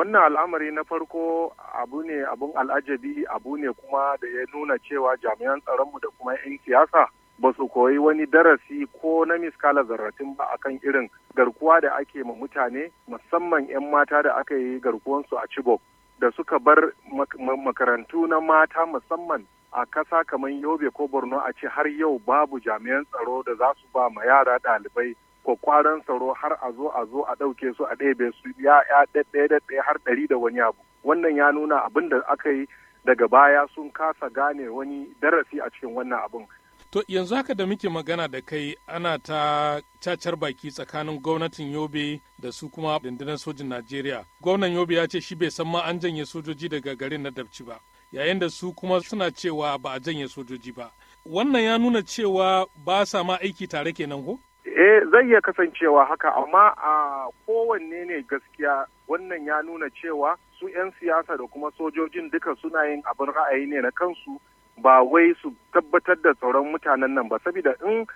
wannan al'amari na farko abu ne abun al'ajabi abu ne kuma da ya nuna cewa jami'an tsaronmu da kuma 'yan siyasa ba su koyi wani darasi ko na miskala zarratin ba akan irin garkuwa da ake ma mutane musamman 'yan mata da aka yi garkuwansu a Chibok da suka bar makarantu na mata musamman a kasa kamar Yobe ko Borno a ce har yau babu jami'an tsaro da za su ba ma yara ɗalibai kwakwaran tsaro har a zo a zo a ɗauke su a ɗebe su ya ɗaya ɗaya har ɗari da wani abu wannan ya nuna abin da aka yi daga baya sun kasa gane wani darasi a cikin wannan abin to yanzu haka da muke magana da kai ana ta cacar baki tsakanin gwamnatin yobe da su kuma dindinan sojin najeriya gwamnan yobe ya ce shi bai san ma an janye sojoji daga garin na dabci ba yayin da su kuma suna cewa ba a janye sojoji ba wannan ya nuna cewa ba sa ma aiki tare kenan ko Eh zai iya kasancewa haka amma a kowanne ne gaskiya wannan ya nuna cewa su 'yan siyasa da kuma sojojin duka suna yin abin ra'ayi ne na kansu ba wai su tabbatar da tsaron mutanen nan ba saboda in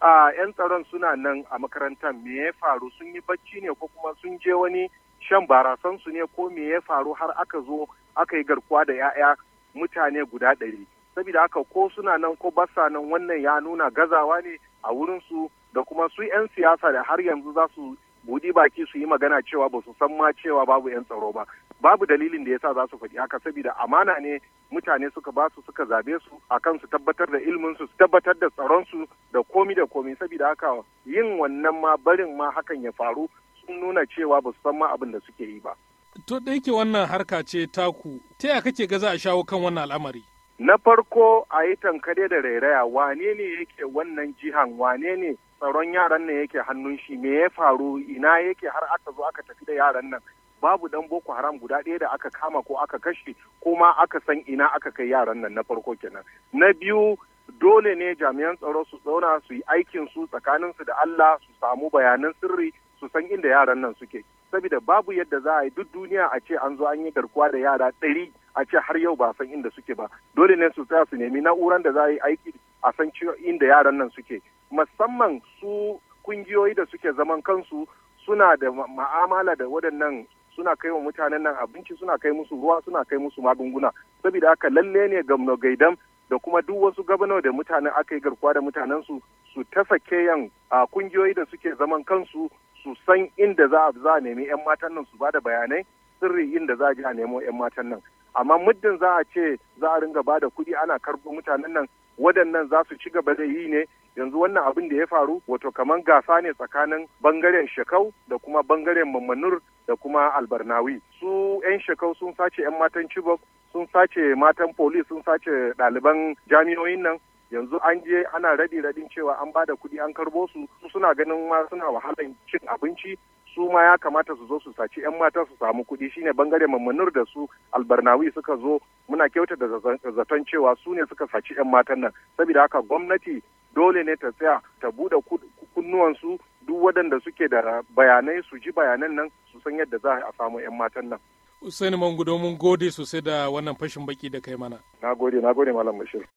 a 'yan tsaron suna nan a makarantar me ya faru sun yi bacci ne ko kuma sun je wani shan barasansu ne ko me ya faru har aka zo aka yi garkuwa da 'ya'ya mutane guda ɗari saboda haka ko suna nan ko basa nan wannan ya nuna gazawa ne a wurinsu da kuma su 'yan siyasa da har yanzu za su budi baki su yi magana cewa ba su san ma cewa babu 'yan tsaro ba babu dalilin da yasa za su faɗi haka saboda amana ne mutane suka ba su suka zabe su akan su tabbatar da ilminsu su tabbatar da tsaron su da komi da komi saboda haka yin wannan ma barin ma hakan ya faru sun nuna cewa ba su san ma abin da suke yi ba. To da yake wannan harka ce taku, ta ya kake ga za a shawo kan wannan al'amari? na farko a yi tankare da rairaya wane ne yake wannan jihan wane ne tsaron yaran nan yake hannun shi me ya faru ina yake har aka zo aka tafi da yaran nan babu dan boko haram guda ɗaya da aka kama ko aka kashe ko aka san ina aka kai yaran nan na farko kenan na biyu dole ne jami'an tsaro su zauna su yi aikin su tsakanin su da Allah su samu bayanan sirri su san inda yaran nan suke saboda babu yadda za a yi duk duniya a ce an zo an yi garkuwa da yara ɗari a ce har yau ba san inda suke ba dole ne su tsaya su nemi na'uran da za a yi aiki a san inda yaran nan suke musamman su kungiyoyi da suke zaman kansu suna da ma'amala da waɗannan suna kai wa mutanen nan abinci suna kai musu ruwa suna kai musu magunguna saboda haka lalle ne gamno gaidam da kuma duk wasu gabano da mutanen aka yi garkuwa da mutanensu su tafa ke yan a kungiyoyi da suke zaman kansu su san inda za a nemi 'yan matan nan su ba da bayanai sirri inda za a ji a nemo 'yan matan nan amma muddin za a ce za a ringa ba da kuɗi ana karɓo mutanen nan waɗannan za su ci gaba da yi ne yanzu wannan abin da ya faru wato kamar gasa ne tsakanin bangaren shekau da kuma bangaren mamanur da kuma albarnawi su 'yan shekau sun sace 'yan matan chibok sun sace matan polis sun sace ɗaliban jami'oyin nan yanzu an je ana raɗi raɗin cewa an ba da kuɗi an karbo su suna ganin ma suna wahalan cin abinci su ma ya kamata su zo su saci 'yan mata su samu kuɗi shine bangare mamanur da su albarnawi suka zo muna kyauta da zaton cewa su ne suka saci 'yan matan nan saboda haka gwamnati dole ne ta tsaya ta buɗe kunnuwansu duk waɗanda suke da bayanai su ji bayanan nan su san yadda za a samu 'yan matan nan. Usaini Mangudo mun gode sosai da wannan fashin baki da kai mana. Na gode, na gode Malam Bashir.